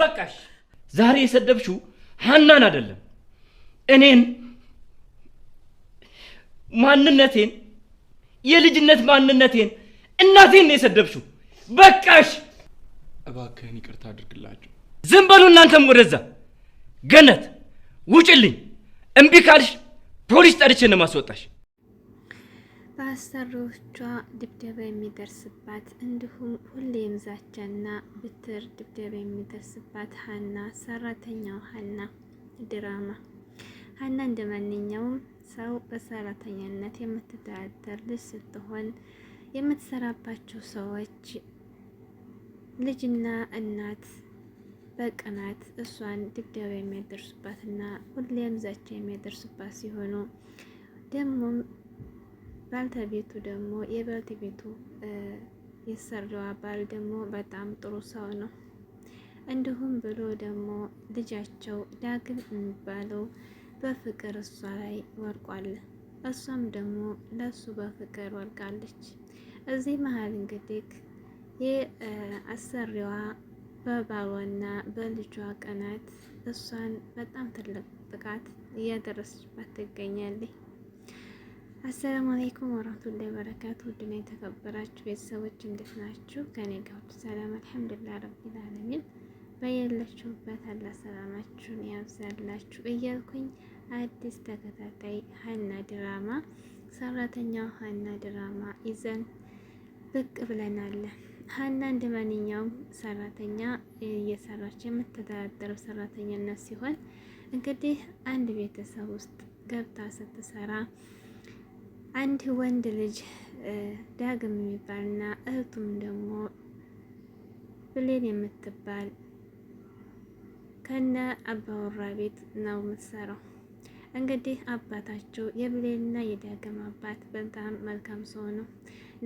በቃሽ። ዛሬ የሰደብሽው ሀናን አይደለም እኔን፣ ማንነቴን፣ የልጅነት ማንነቴን፣ እናቴን ነው የሰደብሽው። በቃሽ። እባክህን ይቅርታ አድርግላቸው። ዝም በሉ እናንተም ወደዛ። ገነት ውጭልኝ። እምቢ ካልሽ ፖሊስ ጠርቼ ነው በአሰሪዎቿ ድብደባ የሚደርስባት እንዲሁም ሁሌም ዛቻና ብትር ድብደባ የሚደርስባት ሀና ሰራተኛው ሀና ድራማ ሀና እንደ ማንኛውም ሰው በሰራተኛነት የምትተዳደር ልጅ ስትሆን የምትሰራባቸው ሰዎች ልጅና እናት በቅናት እሷን ድብደባ የሚያደርሱባትና ሁሌም ዛቻ የሚያደርሱባት ሲሆኑ ደግሞም ባልተቤቱ ደግሞ ቤቱ የሰራው ባል ደግሞ በጣም ጥሩ ሰው ነው። እንዲሁም ብሎ ደግሞ ልጃቸው ዳግም የሚባለው በፍቅር እሷ ላይ ወርቋል። እሷም ደግሞ ለሱ በፍቅር ወርቃለች። እዚህ መሀል እንግዲህ የአሰሪዋ በባሏና በልጇ ቀናት እሷን በጣም ትልቅ ጥቃት እያደረሰችባት ትገኛለች። አሰላሙ አለይኩም ወራህመቱላሂ ወበረካቱ። ውድና የተከበራችሁ ቤተሰቦች እንዴት ናችሁ? ከኔ ጋር ሁሉ ሰላም አልሐምዱሊላህ ረቢል ዓለሚን። በያላችሁበት አላህ ሰላማችሁን ያብዛላችሁ እያልኩኝ አዲስ ተከታታይ ሀና ድራማ ሰራተኛው ሀና ድራማ ይዘን ብቅ ብለናል። ሀና እንደ ማንኛውም ሰራተኛ እየሰራች የምትተዳደረው ሰራተኛነት ሲሆን እንግዲህ አንድ ቤተሰብ ውስጥ ገብታ ስትሰራ አንድ ወንድ ልጅ ዳግም የሚባልና እህቱም ደግሞ ብሌን የምትባል ከነ አባወራ ቤት ነው የምትሰራው። እንግዲህ አባታቸው የብሌንና የዳግም አባት በጣም መልካም ሰው ነው።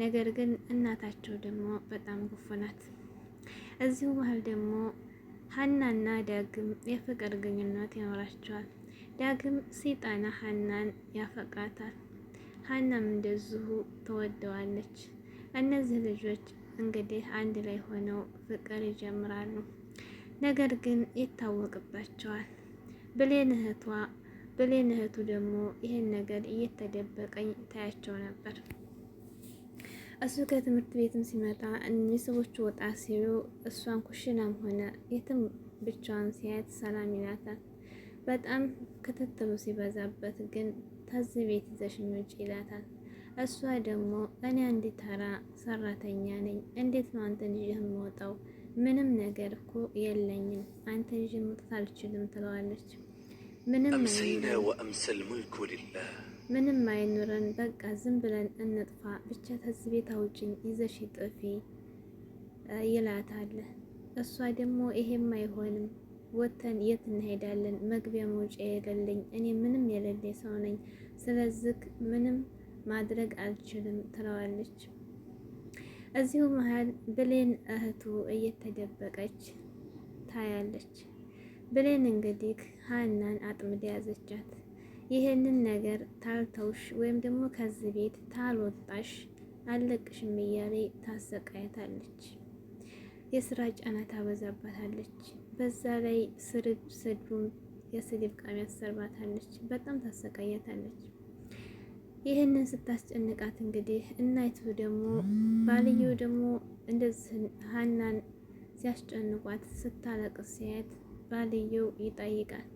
ነገር ግን እናታቸው ደግሞ በጣም ክፉ ናት። እዚሁ መሀል ደግሞ ሀናና ዳግም የፍቅር ግንኙነት ይኖራቸዋል። ዳግም ሲጠና ሀናን ያፈቅራታል። ሀናም እንደዚሁ ትወደዋለች። እነዚህ ልጆች እንግዲህ አንድ ላይ ሆነው ፍቅር ይጀምራሉ። ነገር ግን ይታወቅባቸዋል። ብሌን እህቷ ብሌን እህቱ ደግሞ ይህን ነገር እየተደበቀኝ ታያቸው ነበር። እሱ ከትምህርት ቤትም ሲመጣ ሰዎቹ ወጣ ሲሉ እሷን ኩሽናም ሆነ የትም ብቻዋን ሲያየት ሰላም ይላታል። በጣም ክትትሉ ሲበዛበት ግን ታዝ ቤት ይዘሽኝ ውጪ ይላታል። እሷ ደግሞ እኔ አንድ ተራ ሰራተኛ ነኝ፣ እንዴት ነው አንተን ይዤ የምወጣው? ምንም ነገር እኮ የለኝም፣ አንተን ይዤ መውጣት አልችልም ትለዋለች። ምንም አይኑረን፣ በቃ ዝም ብለን እንጥፋ፣ ብቻ ታዝ ቤት አውጭኝ፣ ይዘሽ ጥፊ ይላታል። እሷ ደግሞ ይሄም አይሆንም ወተን የት እንሄዳለን? መግቢያ መውጫ የለልኝ። እኔ ምንም የሌለኝ ሰው ነኝ። ስለዚህ ምንም ማድረግ አልችልም ትለዋለች። እዚሁ መሀል ብሌን እህቱ እየተደበቀች ታያለች። ብሌን እንግዲህ ሀናን አጥምድ ያዘቻት። ይህንን ነገር ታልተውሽ ወይም ደግሞ ከዚህ ቤት ታልወጣሽ አለቅሽም እያለ ታሰቃያታለች። የስራ ጫና ታበዛባታለች። በዛ ላይ ስድብ ስድቡም የስድብ ቃሚ ያሰርባታለች፣ በጣም ታሰቃያታለች። ይህንን ስታስጨንቃት እንግዲህ እናይቱ ደግሞ ባልየው ደግሞ እንደዚህ ሀናን ሲያስጨንቋት ስታለቅስ ሲያየት ባልየው ይጠይቃል።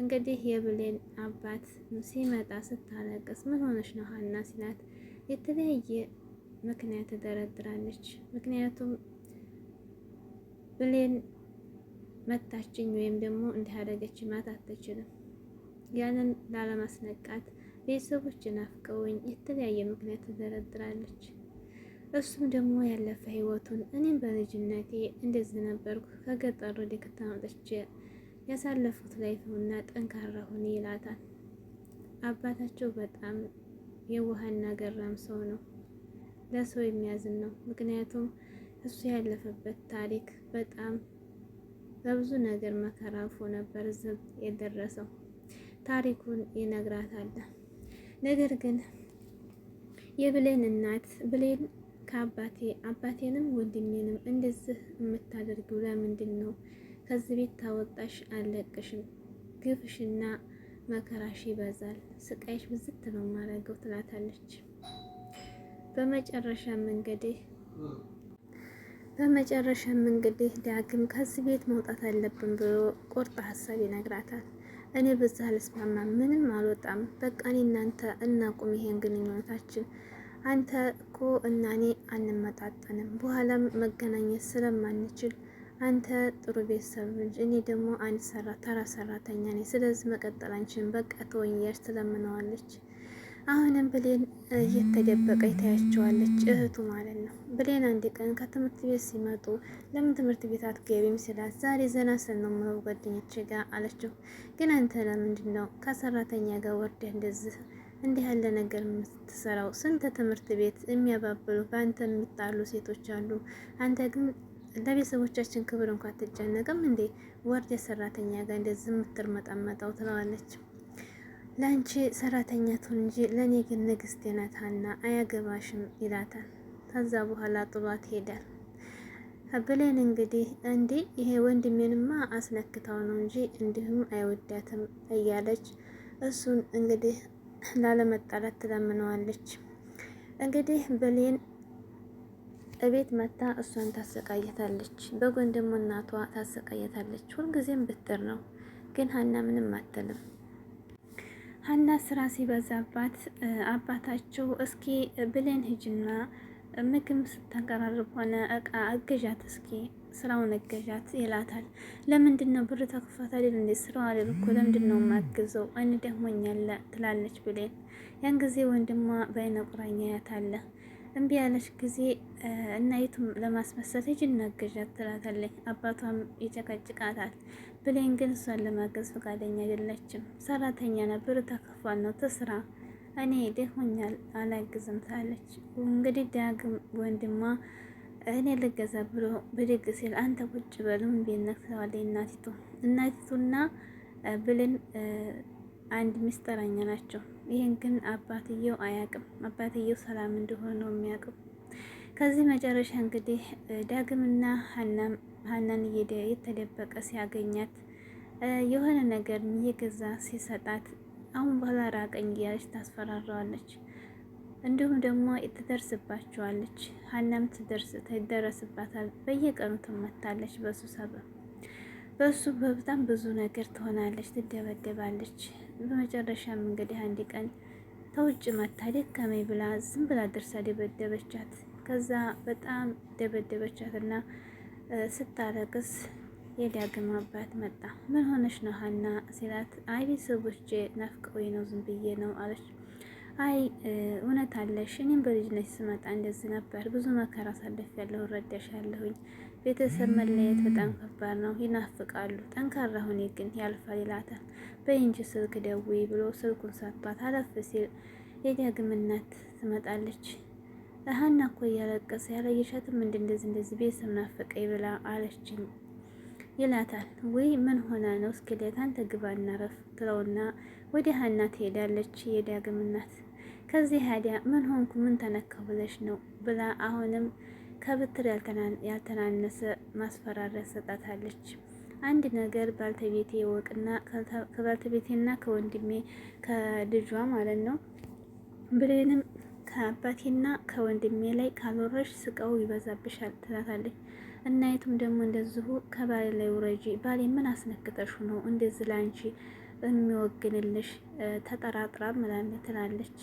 እንግዲህ የብሌን አባት ሲመጣ ስታለቅስ ምን ሆነች ነው ሀና ሲላት የተለያየ ምክንያት ትደረድራለች። ምክንያቱም ብሌን መታችኝ ወይም ደግሞ እንዲያደረገች ማት አትችልም። ያንን ላለማስነቃት ቤተሰቦች ናፍቀውኝ የተለያየ ምክንያት ትዘረድራለች። እሱም ደግሞ ያለፈ ህይወቱን እኔም በልጅነቴ እንደዚህ ነበርኩ ከገጠር ወደ ከተማ ያሳለፉት ላይፍ እና ጠንካራ ሁኔ ይላታል። አባታቸው በጣም የዋህና ገራም ሰው ነው። ለሰው የሚያዝን ነው። ምክንያቱም እሱ ያለፈበት ታሪክ በጣም በብዙ ነገር መከራ ነበር ዝብ የደረሰው ታሪኩን ይነግራታል። ነገር ግን የብሌን እናት ብሌን ከአባቴ አባቴንም ወንድሜንም እንደዚህ የምታደርጊው ለምንድን ነው? ከዚህ ቤት ታወጣሽ አለቅሽም። ግፍሽና መከራሽ ይበዛል። ስቃይሽ ብዝት ነው ማረገው ትላታለች። በመጨረሻም እንግዲህ በመጨረሻም እንግዲህ ዳግም ከዚህ ቤት መውጣት አለብን ብሎ ቁርጥ ሀሳብ ይነግራታል። እኔ በዛ አልስማማ፣ ምንም አልወጣም። በቃ እኔ እናንተ እናቁም ይሄን ግንኙነታችን። አንተ እኮ እና እኔ አንመጣጠንም፣ በኋላም መገናኘት ስለማንችል አንተ ጥሩ ቤተሰብ ልጅ፣ እኔ ደግሞ አንድ ሰራ ተራ ሰራተኛ ነኝ። ስለዚህ መቀጠል አንችልም። በቃ ተወኛች ትለምነዋለች። አሁንም ብሌን እየተደበቀ ይታያቸዋለች እህቱ ማለት ነው። ብሌን አንድ ቀን ከትምህርት ቤት ሲመጡ ለምን ትምህርት ቤት አትገቢም ስላት ዛሬ ዘና ስል ነው የምለው ጓደኞቼ ጋር አለችው። ግን አንተ ለምንድን ነው ከሰራተኛ ጋር ወርደህ እንደዚህ እንዲህ ያለ ነገር የምትሰራው? ስንት ትምህርት ቤት የሚያባብሉ በአንተ የሚጣሉ ሴቶች አሉ። አንተ ግን ለቤተሰቦቻችን ክብር እንኳ አትጨነቅም እንዴ? ወርደህ ሰራተኛ ጋር እንደዚህ የምትርመጠመጠው ትለዋለች። ለአንቺ ሰራተኛ ትሁን እንጂ ለእኔ ግን ንግስት ናታና አያገባሽም ይላታል። ከዛ በኋላ ጥሏት ሄዳል። ብሌን እንግዲህ እንዴ ይሄ ወንድሜንማ አስነክታው ነው እንጂ እንዲሁም አይወዳትም እያለች እሱን እንግዲህ ላለመጣላት ትለምነዋለች። እንግዲህ ብሌን እቤት መታ እሷን ታሰቃየታለች። በጎን ደግሞ እናቷ ታሰቃየታለች። ሁልጊዜም ብትር ነው ግን ሀና ምንም አትልም። ሀና ስራ ሲበዛባት አባታቸው እስኪ ብሌን ሂጂና ምግብ ስታቀራርብ ሆነ እቃ እገዣት እስኪ ስራውን እገዣት ይላታል። ለምንድን ነው ብር ተከፋታ ሌል እንዴ ስራው አለል እኮ ለምንድን ነው የማግዘው እኔ ደሞኛለ ትላለች ብሌን። ያን ጊዜ ወንድሟ በአይነ ቁራኛ ያታለ እምቢ ያለሽ ጊዜ እናይቱም ለማስመሰል ሂጂ እናግዣት ትላታለች። አባቷም ይጨቀጭቃታል። ብሌን ግን እሷን ለማገዝ ፈቃደኛ አይደለችም። ሰራተኛ ና ብር ነው ትስራ፣ እኔ ደክሞኛል አላግዝም ታለች። እንግዲህ ዳግም ወንድሟ እኔ ልገዛ ብሎ ብድግ ሲል አንተ ቁጭ በሉ እምቢነት ትለዋለች እናቲቱ። እናቲቱና ብሌን አንድ ሚስጥረኛ ናቸው። ይህን ግን አባትየው አያቅም አባትየው ሰላም እንደሆነ ነው የሚያውቀው። ከዚህ መጨረሻ እንግዲህ ዳግምና ሀናን የተደበቀ ሲያገኛት የሆነ ነገር እየገዛ ሲሰጣት አሁን በኋላ ራቀኝ እያለች ታስፈራራዋለች። እንዲሁም ደግሞ ትደርስባቸዋለች። ሀናም ትደረስባታል። በየቀኑ ትመታለች በሱ ሰበብ በሱ በጣም ብዙ ነገር ትሆናለች፣ ትደበደባለች። በመጨረሻም እንግዲህ አንድ ቀን ተውጭ መታ ደከመኝ ብላ ዝም ብላ ደርሳ ደበደበቻት። ከዛ በጣም ደበደበቻት ደበደበቻትና ስታለቅስ የዳግም አባት መጣ። ምን ሆነሽ ነው ሀና ሲላት፣ አይ ቤተሰቦቼ ናፍቀውኝ ነው ዝም ብዬ ነው አለች። አይ እውነት አለሽ፣ እኔም በልጅነት ስመጣ እንደዚህ ነበር። ብዙ መከራ ሳለፍ ያለሁ ያለሁኝ ቤተሰብ መለየት በጣም ከባድ ነው። ይናፍቃሉ። ጠንካራ ሁኔ ግን ያልፋል ይላታል። በእንጂ ስልክ ደዌ ብሎ ስልኩን ሰጥቷት አለፍ ሲል የዳግም እናት ትመጣለች። እሀና እኮ እያለቀሰ ያለ እንደ እንደዚህ እንደዚህ ቤተሰብ ናፈቀኝ ብላ አለችኝ ይላታል። ወይ ምን ሆነ ነው እስኪ አንተ ግባና እናረፍ ትለውና ወደ ሀና ትሄዳለች የዳግም እናት። ከዚህ ሀዲያ ምን ሆንኩ ምን ተነካው ብለሽ ነው ብላ አሁንም ከብትር ያልተናነሰ ማስፈራሪያ ሰጣታለች። አንድ ነገር ባልተቤቴ ወቅና ከባልተቤቴና ከወንድሜ ከልጇ ማለት ነው ብሌንም ከአባቴና ከወንድሜ ላይ ካልወረሽ ስቃው ይበዛብሻል ትላታለች። እናይቱም ደግሞ እንደዚሁ ከባሌ ላይ ውረጂ፣ ባሌ ምን አስነክተሹ ነው እንደዚህ ላንቺ የሚወግንልሽ ተጠራጥራ ምናምን ትላለች።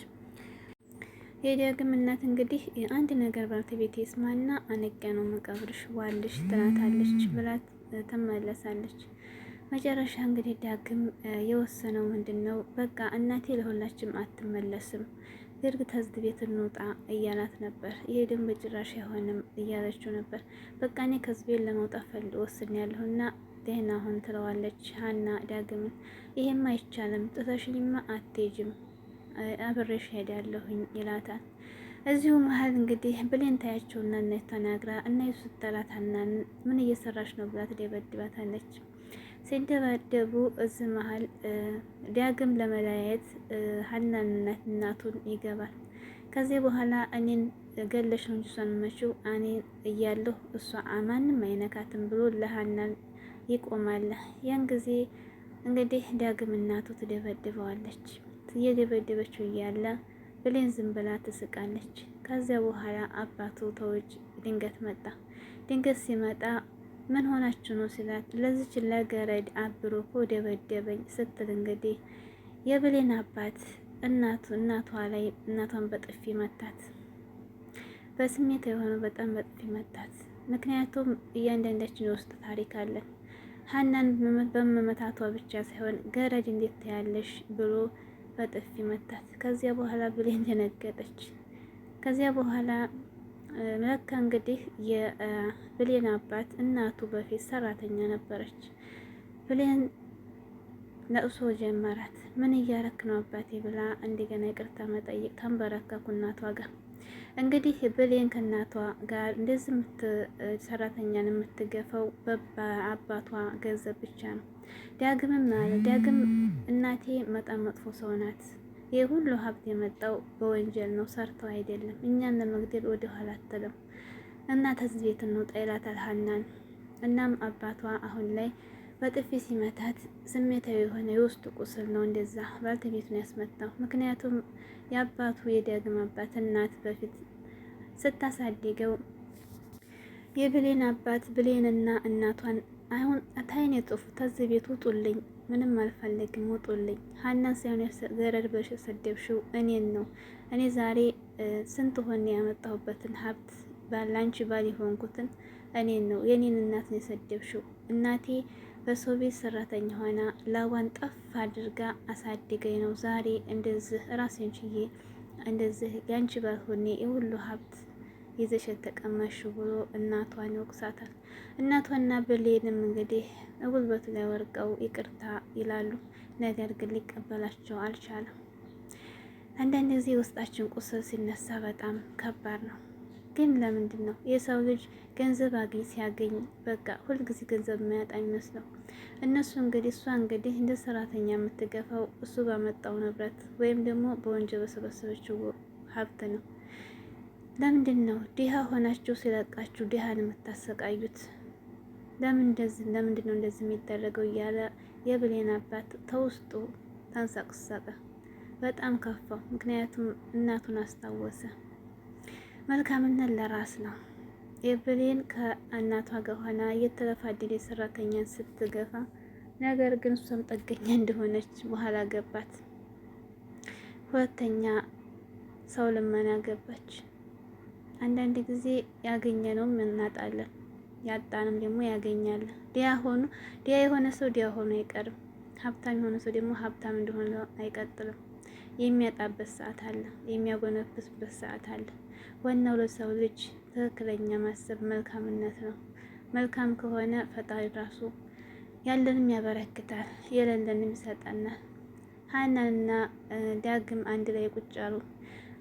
የዳግምናት እንግዲህ አንድ ነገር ባልተቤት ይስማና አነቀ ነው መቀብርሽ ዋልሽ ትላታለች ብላት ትመለሳለች። መጨረሻ እንግዲህ ዳግም የወሰነው ምንድን ነው? በቃ እናቴ ለሁላችም አትመለስም፣ ዝርግ ተዝድ ቤት እንውጣ እያላት ነበር። ይሄ ደግሞ በጭራሽ አይሆንም እያለችው ነበር። በቃ እኔ ከዚህ ቤት ለመውጣት ፈል ወስን ያለሁና ደህና ሁን ትለዋለች ሀና ዳግምን። ይሄም አይቻልም፣ ጥተሽኝማ አትሄጂም አብሬሽ ሄዳለሁኝ ይላታል። እዚሁ መሀል እንግዲህ ብሌን ታያቸውና እናት ተናግራ እና የሱ ስትጠላታና ምን እየሰራች ነው ብላ ትደበድባታለች። ሲደባደቡ እዚ መሀል ዳግም ለመለያየት ሀናን እናቱን ይገባል። ከዚህ በኋላ እኔን ገለሽ ነው እሷን መችው እኔ እያለሁ እሷ ማንም አይነካትም ብሎ ለሀናን ይቆማል። ያን ጊዜ እንግዲህ ዳግም እናቱ ትደበድበዋለች። እየደበደበችው እያለ ብሌን ዝም ብላ ትስቃለች። ከዚያ በኋላ አባቱ ተውጭ ድንገት መጣ። ድንገት ሲመጣ ምን ሆናችሁ ነው ሲላት ለዚች ለገረድ አብሮ እኮ ደበደበኝ ስትል እንግዲህ የብሌን አባት እናቱ እናቷ ላይ እናቷን በጥፊ መታት። በስሜት የሆነ በጣም በጥፊ መታት። ምክንያቱም እያንዳንዳችን የውስጥ ታሪክ አለን። ሀናን በመመታቷ ብቻ ሳይሆን ገረድ እንዴት ታያለሽ ብሎ በጥፊ መታት። ከዚያ በኋላ ብሌን ደነገጠች። ከዚያ በኋላ ለካ እንግዲህ የብሌን አባት እናቱ በፊት ሰራተኛ ነበረች። ብሌን ለቅሶ ጀመራት። ምን እያረክ ነው አባቴ ብላ እንደገና ይቅርታ መጠየቅ ተንበረከኩ እናቷ ጋር እንግዲህ ብሌን ከእናቷ ጋር እንደዚህ ሰራተኛን የምትገፈው በአባቷ ገንዘብ ብቻ ነው። ዳግምም አለ ዳግም እናቴ መጣም መጥፎ ሰው ናት። ይህ ሁሉ ሀብት የመጣው በወንጀል ነው፣ ሰርተው አይደለም። እኛን ለመግደል ወደ ኋላ አትልም እና ተዝቤት ነው ጠይላታል ሀናን። እናም አባቷ አሁን ላይ በጥፊ ሲመታት ስሜታዊ የሆነ የውስጡ ቁስል ነው እንደዛ ነው ያስመታው። ምክንያቱም የአባቱ የዳግም አባት እናት በፊት ስታሳድገው የብሌን አባት ብሌንና እናቷን አሁን አታይን የጥፉ ተዚህ ቤት ውጡልኝ፣ ምንም አልፈለግም፣ ውጡልኝ። ሀናን ሳይሆን ገረድ በሽ ሰደብሽው እኔን ነው። እኔ ዛሬ ስንት ሆን ያመጣሁበትን ሀብት ባላንቺ ባል የሆንኩትን እኔን ነው የኔን እናት ነው የሰደብሽው እናቴ በሰው ቤት ሰራተኛ ሆና ላቧን ጠፍ አድርጋ አሳድገኝ ነው ዛሬ እንደዚህ ራሴን ችዬ እንደዚህ ያንቺ ባልሆኔ የሁሉ ሀብት ይዘሽ ተቀመሽ ብሎ እናቷን ይወቅሳታል። እናቷና ብሌንም እንግዲህ ጉልበቱ ላይ ወርቀው ይቅርታ ይላሉ። ነገር ግን ሊቀበላቸው አልቻለም። አንዳንድ ጊዜ ውስጣችን ቁስል ሲነሳ በጣም ከባድ ነው። ግን ለምንድን ነው የሰው ልጅ ገንዘብ አግኝ ሲያገኝ በቃ ሁልጊዜ ገንዘብ የሚያጣ የሚመስለው? እነሱ እንግዲህ እሷ እንግዲህ እንደ ሰራተኛ የምትገፋው እሱ ባመጣው ንብረት ወይም ደግሞ በወንጀ በሰበሰበችው ሀብት ነው። ለምንድን ነው ድሃ ሆናችሁ ሲለቃችሁ ድሃን የምታሰቃዩት? ለምን እንደዚህ ለምንድን ነው እንደዚህ የሚደረገው? እያለ የብሌን አባት ተውስጡ ተንሳቅሳቀ። በጣም ከፋው። ምክንያቱም እናቱን አስታወሰ። መልካምነት ለራስ ነው። ኤቭሊን ከእናቷ ጋር ሆና የተረፋደደ ሰራተኛን ስትገፋ፣ ነገር ግን እሷም ጠገኛ እንደሆነች በኋላ ገባት። ሁለተኛ ሰው ልመና ገባች። አንዳንድ ጊዜ ያገኘነውም እናጣለን፣ ያጣንም ደግሞ ያገኛል። ዲያ ሆኑ ዲያ የሆነ ሰው ዲያ ሆኖ አይቀርም። ሀብታም የሆነ ሰው ደግሞ ሀብታም እንደሆነ አይቀጥልም። የሚያጣበት ሰዓት አለ፣ የሚያጎነብስበት ሰዓት አለ። ዋናው ለሰው ልጅ ትክክለኛ ማሰብ መልካምነት ነው። መልካም ከሆነ ፈጣሪ ራሱ ያለንም ያበረክታል፣ የሌለንም ይሰጠናል። ሀናንና ዳግም አንድ ላይ ቁጭ አሉ።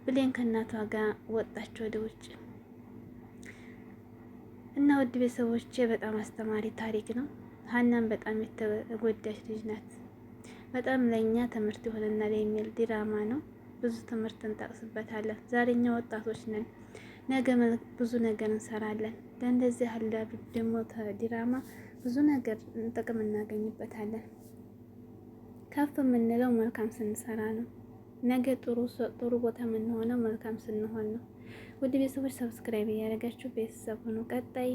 ብሌን ከእናቷ ጋር ወጣች ወደ ውጭ እና ውድ ቤተሰቦቼ በጣም አስተማሪ ታሪክ ነው። ሀናን በጣም የተጎዳች ልጅ ናት። በጣም ለእኛ ትምህርት ይሆነናል የሚል ዲራማ ነው። ብዙ ትምህርት እንጠቅስበታለን። ዛሬ እኛ ወጣቶች ነን፣ ነገ ብዙ ነገር እንሰራለን። በእንደዚህ ያለ ደግሞ ዲራማ ብዙ ነገር ጥቅም እናገኝበታለን። ከፍ የምንለው መልካም ስንሰራ ነው። ነገ ጥሩ ጥሩ ቦታ የምንሆነው መልካም ስንሆን ነው። ውድ ቤተሰቦች ሰብስክራይብ እያደረጋችሁ ቤተሰብ ሆኑ። ቀጣይ